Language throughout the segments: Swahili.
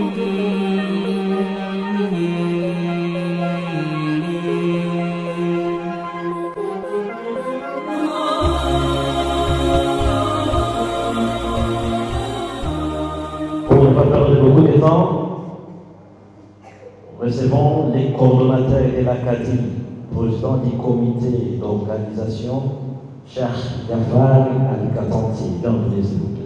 Pour ne pas perdre beaucoup d'élan, nous recevons les coordonnateurs de l'Académie, président du comité d'organisation, cherche la vague à l'écartantie dans le déséquilibre.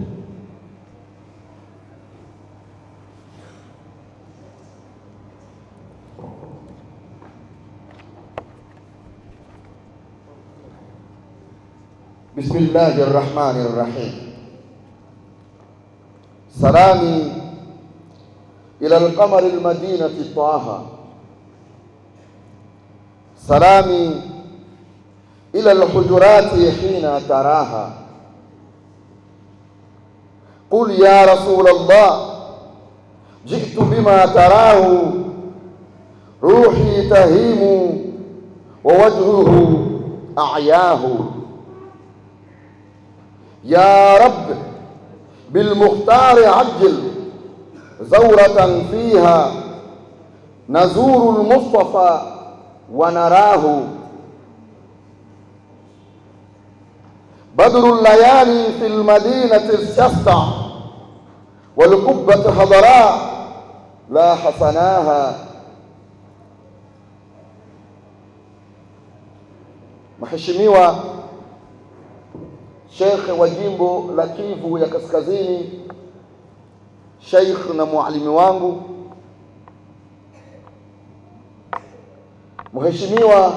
بسم الله الرحمن الرحيم سلامي إلى القمر المدينة طه سلامي إلى الحجرات حين تراها قل يا رسول الله جئت بما تراه روحي تهيم ووجهه أعياه يا رب بالمختار عجل زورة فيها نزور المصطفى ونراه بدر الليالي في المدينة استسطع والقبة حضراء لا حسناها Mheshimiwa shekhe wa jimbo la Kivu ya Kaskazini, sheikh na mwalimu wangu Mheshimiwa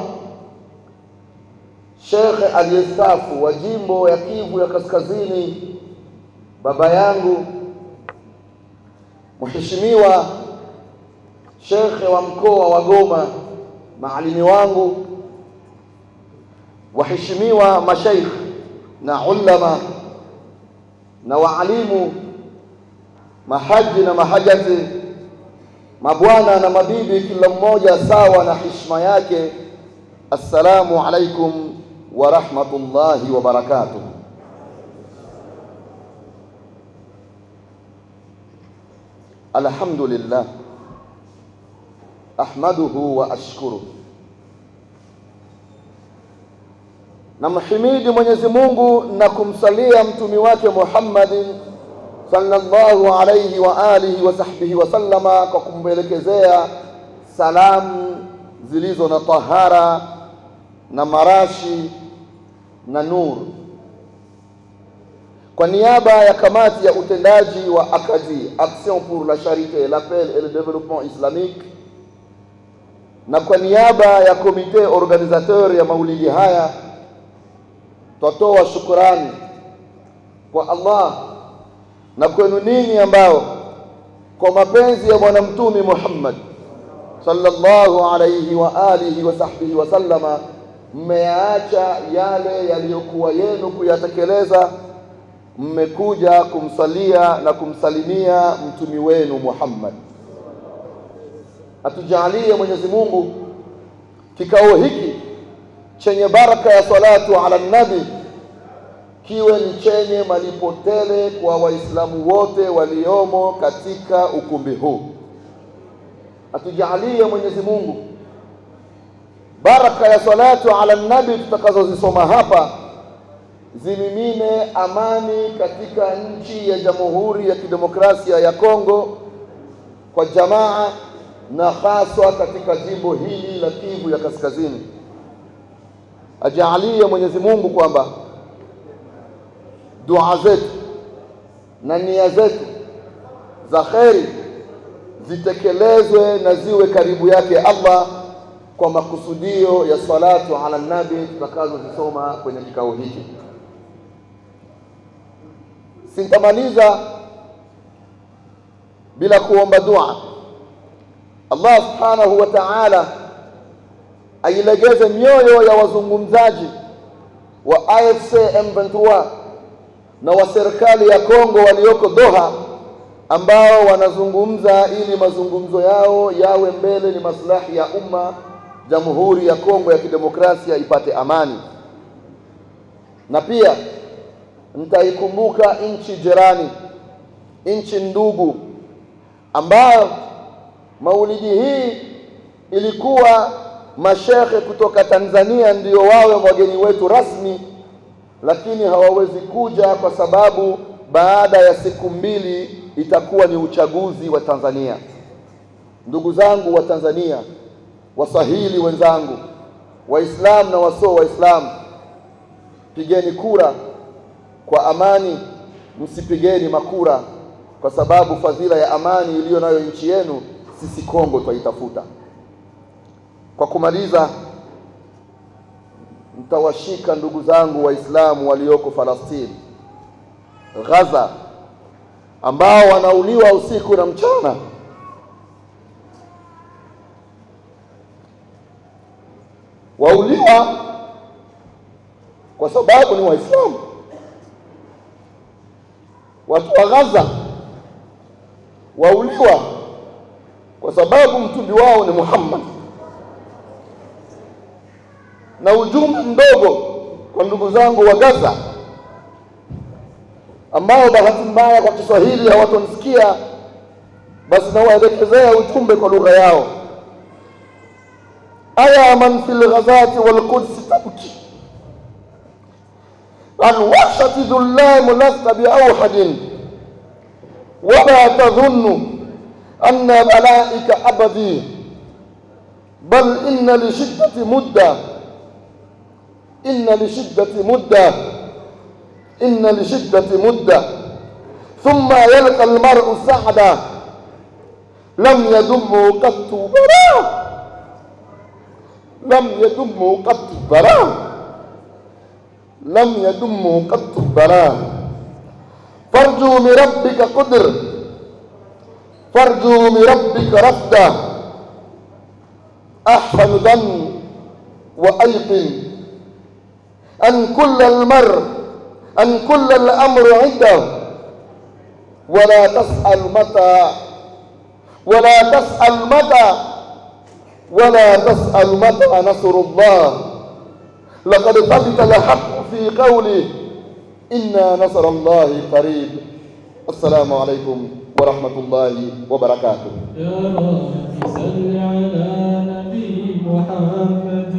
shekhe aliyesafu wa jimbo ya Kivu ya Kaskazini, baba yangu Mheshimiwa shekhe wa mkoa wa Goma, maalimi wangu, waheshimiwa mashaikh na ulama na waalimu mahaji na mahajati mabwana na mabibi, kila mmoja sawa na heshima yake. Assalamu alaikum wa rahmatullahi wa barakatuh. Alhamdulillah ahmaduhu wa ashkuruh Namhimidi Mwenyezi Mungu na kumsalia mtumi wake Muhammadin sallallahu alayhi wa alihi wa sahbihi sallama kwa kumwelekezea salamu zilizo na tahara na marashi na nuru. Kwa niaba ya kamati ya utendaji wa akazi Action pour la Charité, l'Appel et le Développement Islamique, na kwa niaba ya komite organisateur ya maulidi haya twatoa shukurani kwa Allah na kwenu ninyi ambao kwa mapenzi ya Bwana Mtume Muhammad sallallahu alayhi wa alihi wa sahbihi wa sallama mmeyaacha yale yaliyokuwa yenu kuyatekeleza, mmekuja kumsalia na kumsalimia mtumi wenu Muhammad. Atujalie Mwenyezi Mungu kikao hiki chenye baraka ya salatu ala nabi kiwe ni chenye malipo tele kwa Waislamu wote waliomo katika ukumbi huu. Atujalie Mwenyezi Mungu baraka ya salatu ala nabi tutakazozisoma hapa zimimine amani katika nchi ya Jamhuri ya Kidemokrasia ya Kongo kwa jamaa na haswa katika jimbo hili la Kivu ya Kaskazini ajaalie Mwenyezi Mungu kwamba dua zetu na nia zetu za kheri zitekelezwe na ziwe karibu yake Allah kwa makusudio ya salatu ala nabi tutakazozisoma kwenye kikao hiki. Sintamaliza bila kuomba dua Allah subhanahu wa ta'ala ailegeze mioyo ya wazungumzaji wa AFC M23 na wa serikali ya Kongo walioko Doha ambao wanazungumza ili mazungumzo yao yawe mbele ni maslahi ya umma, Jamhuri ya Kongo ya Kidemokrasia ipate amani. Na pia nitaikumbuka nchi jirani, nchi ndugu, ambayo maulidi hii ilikuwa mashekhe kutoka Tanzania ndio wawe wageni wetu rasmi, lakini hawawezi kuja kwa sababu baada ya siku mbili itakuwa ni uchaguzi wa Tanzania. Ndugu zangu wa Tanzania, waswahili wenzangu, Waislamu na wasio Waislamu, pigeni kura kwa amani, msipigeni makura, kwa sababu fadhila ya amani iliyo nayo nchi yenu sisi Kongo twaitafuta. Kwa kumaliza, mtawashika ndugu zangu Waislamu walioko Falastini, Gaza, ambao wanauliwa usiku na mchana. Wauliwa kwa sababu ni Waislamu. Watu wa Gaza wauliwa kwa sababu mtumbi wao ni Muhammad ujumbe mdogo kwa ndugu zangu wa Gaza ambao bahati mbaya kwa Kiswahili hawatonisikia, basi nawaelekezea ujumbe kwa lugha yao. aya man fil ghazati wal quds tabki an washati dhullamu lasta bi awhadin wama tadhunnu anna malaika abadi bal inna lishiddati mudda إن لشدة مدة إن لشدة مدة ثم يلقى المرء سعدا لم يدمه قط براء لم يدمه قط براء لم يدمه قط براء فارجو من ربك قدر فارجو من ربك رفدا أحسن ظن وأيقن أن كل المر أن كل الأمر عنده ولا تسأل متى ولا تسأل متى ولا تسأل متى نصر الله لقد ثبت الحق في قوله إنا نصر الله قريب السلام عليكم ورحمة الله وبركاته يا رب صل على نبي محمد